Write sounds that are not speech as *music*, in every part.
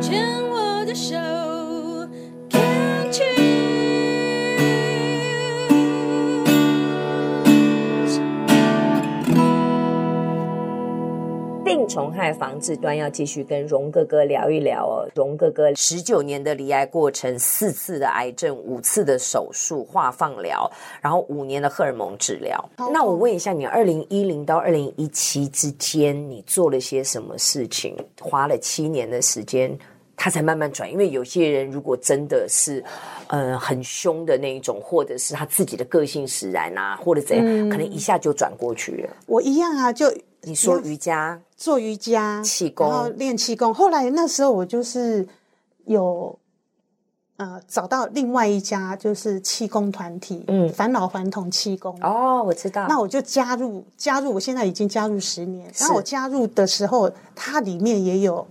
牽我的手。蟲害防治端要繼續跟榮格格聊一聊哦，榮格格十九年的罹癌過程，四次的癌症，五次的手術、化放療，然後五年的荷爾蒙治療。好那我問一下你，二零一零到二零一七之間，你做了些什麼事情？花了七年的時間。他才慢慢轉，因為有些人如果真的是，呃，很凶的那一種，或者是他自己的個性使然啊，或者怎樣，嗯、可能一下就轉過去了。我一樣啊，就你說瑜伽，做瑜伽，氣功，然後練氣功。後來那時候我就是有，呃，找到另外一家就是氣功團體，嗯，返老還童氣功。哦，我知道。那我就加入，加入，我現在已經加入十年。是然後我加入的時候，它裡面也有。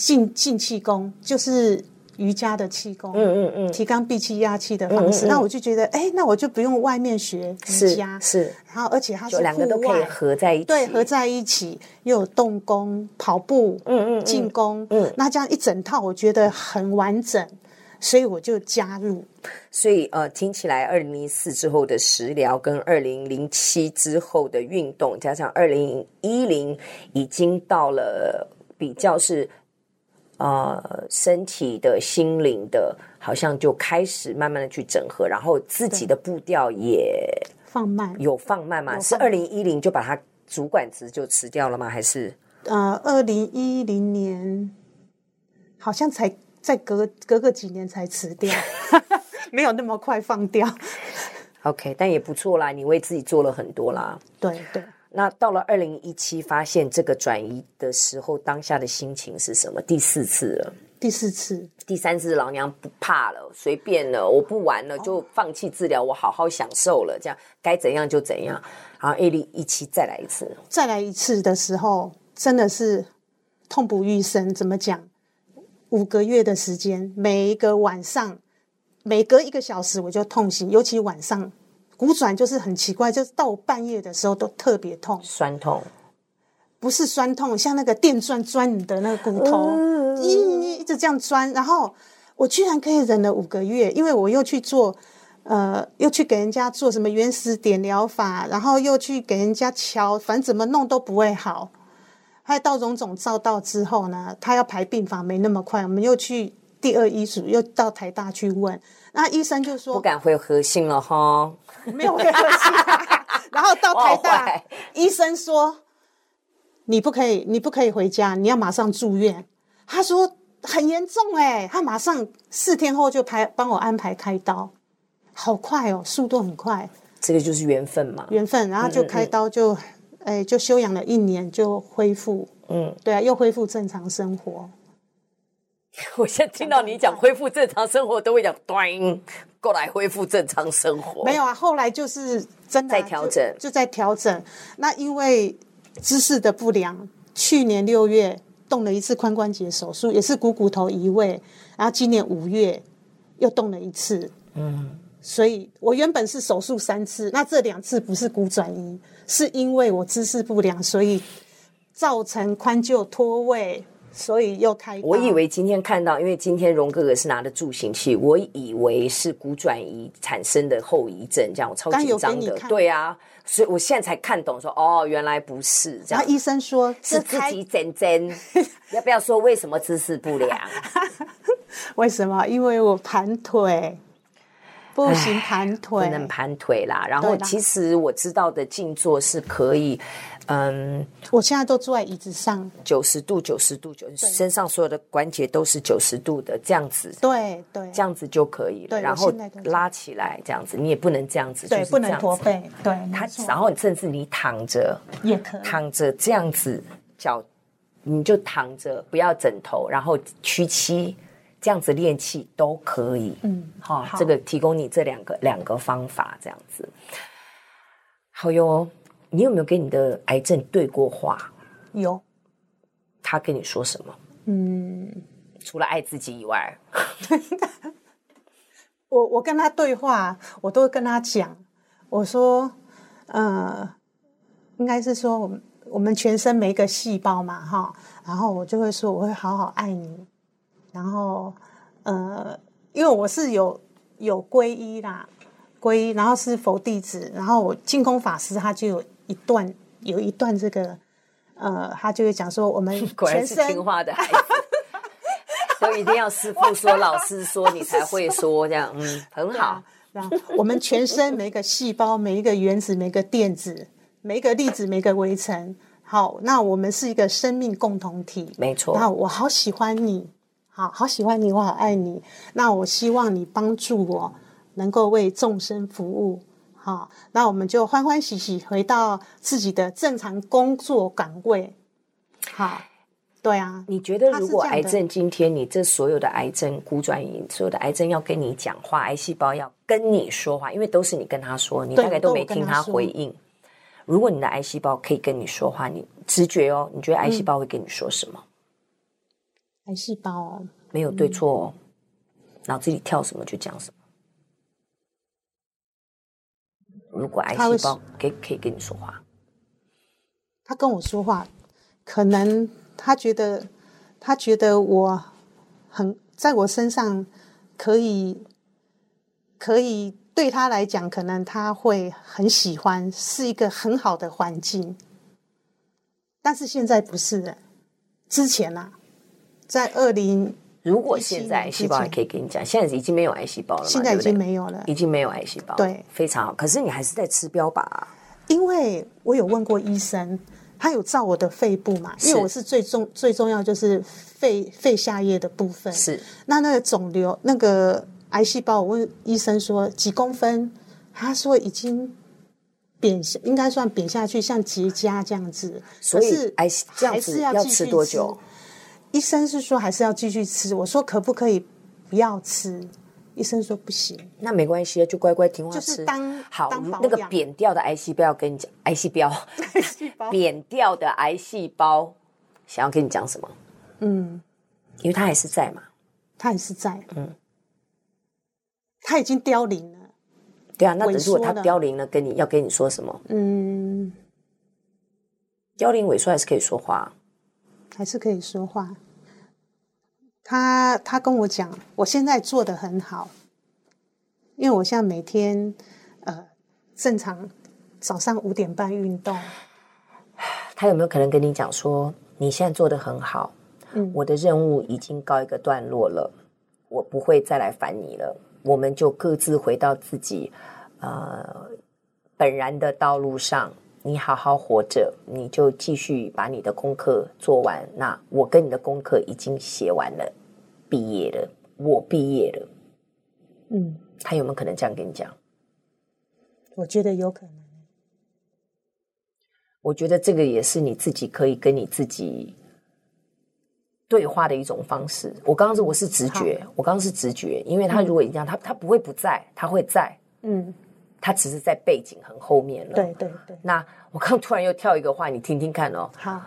進進氣功就是瑜伽的氣功，嗯嗯嗯，嗯嗯提肛閉氣壓氣的方式。嗯嗯嗯、那我就覺得，哎，那我就不用外面學瑜伽，是，是然後而且它是兩個都可以合在一起，對，合在一起又有動功跑步，嗯嗯，靜功，嗯，那這樣一整套我覺得很完整，所以我就加入。所以呃，聽起來二零零四之後的食療跟二零零七之後的運動，加上二零一零已經到了比較是。呃，身體的心靈的，好像就開始慢慢的去整合，然後自己的步調也放慢，有放慢嗎？是二零一零就把它主管職就辭掉了嗎？還是呃，二零一零年好像才再隔隔個幾年才辭掉， *laughs* 沒有那麼快放掉。 *laughs* OK，但也不錯啦，你為自己做了很多啦，對對。對那到了二零一七，發現這個轉移的時候，當下的心情是什麼？第四次了，第四次，第三次老娘不怕了，隨便了，我不玩了，哦、就放棄治療，我好好享受了，這樣該怎樣就怎樣。然後二零一七再來一次，再來一次的時候，真的是痛不欲生。怎麼講？五個月的時間，每一個晚上，每隔一個小時我就痛醒，尤其晚上。骨轉就是很奇怪，就是到我半夜的時候都特別痛，酸痛，不是酸痛，像那個電鑽鑽你的那個骨頭，一、呃、一直這樣鑽，然後我居然可以忍了五個月，因為我又去做，呃，又去給人家做什麼原始點療法，然後又去給人家敲，反正怎麼弄都不會好，還到榮總照到之後呢，他要排病房沒那麼快，我們又去。第二醫術又到台大去問，那醫生就說不敢回核心了哈，沒有回核心，啊。 *laughs* 然後到台大，醫生說你不可以，你不可以回家，你要馬上住院。他說很嚴重哎，欸，他馬上四天後就排幫我安排開刀，好快哦，速度很快。這個就是緣分嘛，緣分。然後就開刀就，嗯，哎，就休養了一年就恢復，嗯，對啊，又恢復正常生活。 *laughs* 我現在聽到你講恢復正常生活，都會講“端”過來恢復正常生活。沒有啊，後來就是真的在、啊、調整就，就在調整。那因為姿勢的不良，去年六月動了一次髖關節手術，也是股骨，骨頭移位，然後今年五月又動了一次。嗯，所以我原本是手術三次，那這兩次不是骨轉移，是因為我姿勢不良，所以造成髖臼脫位。所以又開。我以為今天看到，因為今天榮格格是拿的助行器，我以為是骨轉移產生的後遺症，這樣我超緊張的。對啊，所以我現在才看懂說，說哦，原來不是這樣。然後醫生說是自己整針，要，開 *laughs* 要不要說為什麼姿勢不良？ *laughs* 為什麼？因為我盤腿。不行，盤腿不能盤腿啦。然後其實我知道的靜坐是可以，嗯，我現在都坐在椅子上，九十度，九十度，九十，身上所有的關節都是九十度的這樣子。對對，這樣子就可以了。然後拉起來這樣子，你也不能這樣子，對，不能駝背。對，他然後甚至你躺着，也可以躺着這樣子，腳你就躺着，不要枕頭，然後屈膝。這樣子練氣都可以，嗯，哦、好，這個提供你這兩個兩個方法，這樣子，好喲。你有沒有跟你的癌症對過話？有。他跟你說什麼？嗯，除了愛自己以外， *laughs* 我我跟他對話，我都跟他講，我說，呃，應該是說我們全身每一個細胞嘛，哈，然後我就會說我會好好愛你。然後，呃，因為我是有有皈依啦，皈依，然後是佛弟子，然後我淨空法師他就有一段，有一段這個，呃，他就會講說，我們全身，果然是聽話的孩子，所以 *laughs* 一定要師父說、 *laughs* 老師說，你才會說 *laughs* 這樣，嗯，對很好。那後 *laughs* 我們全身每一個細胞、每一個原子、每個電子、每一個粒子、每個微塵，好，那我們是一個生命共同體，沒錯。那我好喜歡你。好，好喜歡你，我好愛你。那我希望你幫助我，能夠為眾生服務。好，那我們就歡歡喜喜回到自己的正常工作崗位。好，對啊。你覺得，如果癌症今天，你這所有的癌症骨轉移，所有的癌症要跟你講話，癌細胞要跟你說話，因為都是你跟他說，你大概都沒聽他回應。如果你的癌細胞可以跟你說話，你直覺哦，你覺得癌細胞會跟你說什麼？嗯癌細胞哦，沒有對錯哦，嗯，腦子裡跳什麼就講什麼。如果癌細胞會可以可以跟你說話，他跟我說話，可能他覺得他覺得我很在我身上可以可以對他來講，可能他會很喜歡，是一個很好的環境。但是現在不是，之前啊。在二零，如果現在癌細胞還可以跟你講，現在已經沒有癌細胞了，現在已經沒有了，對對已經沒有癌細胞了，對，非常好。可是你還是在吃標靶，因為我有問過醫生，他有照我的肺部嘛？是因為我是最重最重要就是肺肺下葉的部分。是，那那個腫瘤那個癌細胞，我問醫生說幾公分，他說已經扁下，應該算扁下去，像結痂這樣子。所以可是癌這細樣子要吃，要吃多久？醫生是說，還是要繼續吃。我說，可不可以不要吃？醫生說不行。那沒關係，就乖乖聽話吃。好，那個扁掉的癌細胞要跟你講，癌細胞，癌細胞， *laughs* 扁掉的癌細胞想要跟你講什麼？嗯，因為它還是在嘛，它還是在。嗯，它已經凋零了。對啊，那如果它凋零了，了跟你要跟你說什麼？嗯，凋零萎縮還是可以說話。還是可以說話。他他跟我講，我現在做得很好，因為我現在每天呃正常早上五點半運動。他有沒有可能跟你講說，你現在做得很好，嗯，我的任務已經告一個段落了，我不會再來煩你了，我們就各自回到自己呃本然的道路上。你好好活着，你就繼續把你的功課做完。那我跟你的功課已經寫完了，畢業了，我畢業了。嗯，他有沒有可能這樣跟你講？我覺得有可能。我覺得這個也是你自己可以跟你自己對話的一種方式。我剛剛是我是直覺，好我剛剛是直覺，因為他如果一樣，嗯、他他不會不在，他會在。嗯。他只是在背景很後面了。對對對。那我剛突然又跳一個話，你聽聽看哦。好。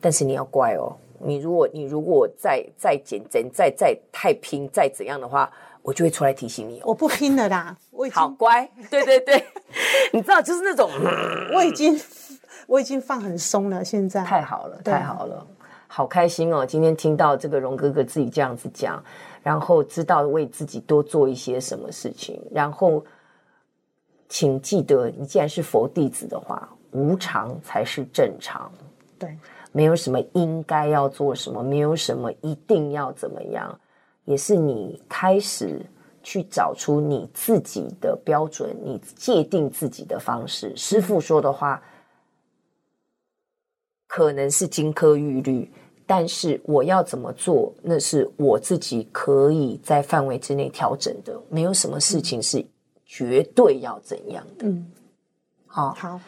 但是你要乖哦，你如果你如果再再怎怎再再，再太拼再怎樣的話，我就會出來提醒你哦。我不拼了啦，我已經好乖。對對對， *laughs* 你知道就是那種， *laughs* 我已經我已經放很鬆了，現在。太好了，太好了，對好開心哦！今天聽到這個榮格格自己這樣子講，然後知道為自己多做一些什麼事情，然後。請記得，你既然是佛弟子的話，無常才是正常。對，沒有什麼應該要做什麼，沒有什麼一定要怎麼樣，也是你開始去找出你自己的標準，你界定自己的方式。師父說的話可能是金科玉律，但是我要怎麼做，那是我自己可以在範圍之內調整的。沒有什麼事情是。絕對要怎樣的？的、嗯？好，好，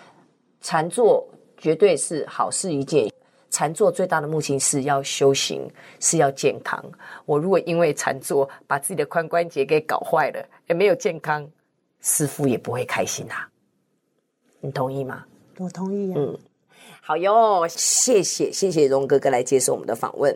禪坐絕對是好事一件。禪坐最大的目的是要修行，是要健康。我如果因為禪坐把自己的髖關節給搞壞了，也沒有健康，師父也不會開心吶、啊。你同意嗎？我同意、啊。嗯，好喲，謝謝，謝謝榮格格來接受我們的訪問。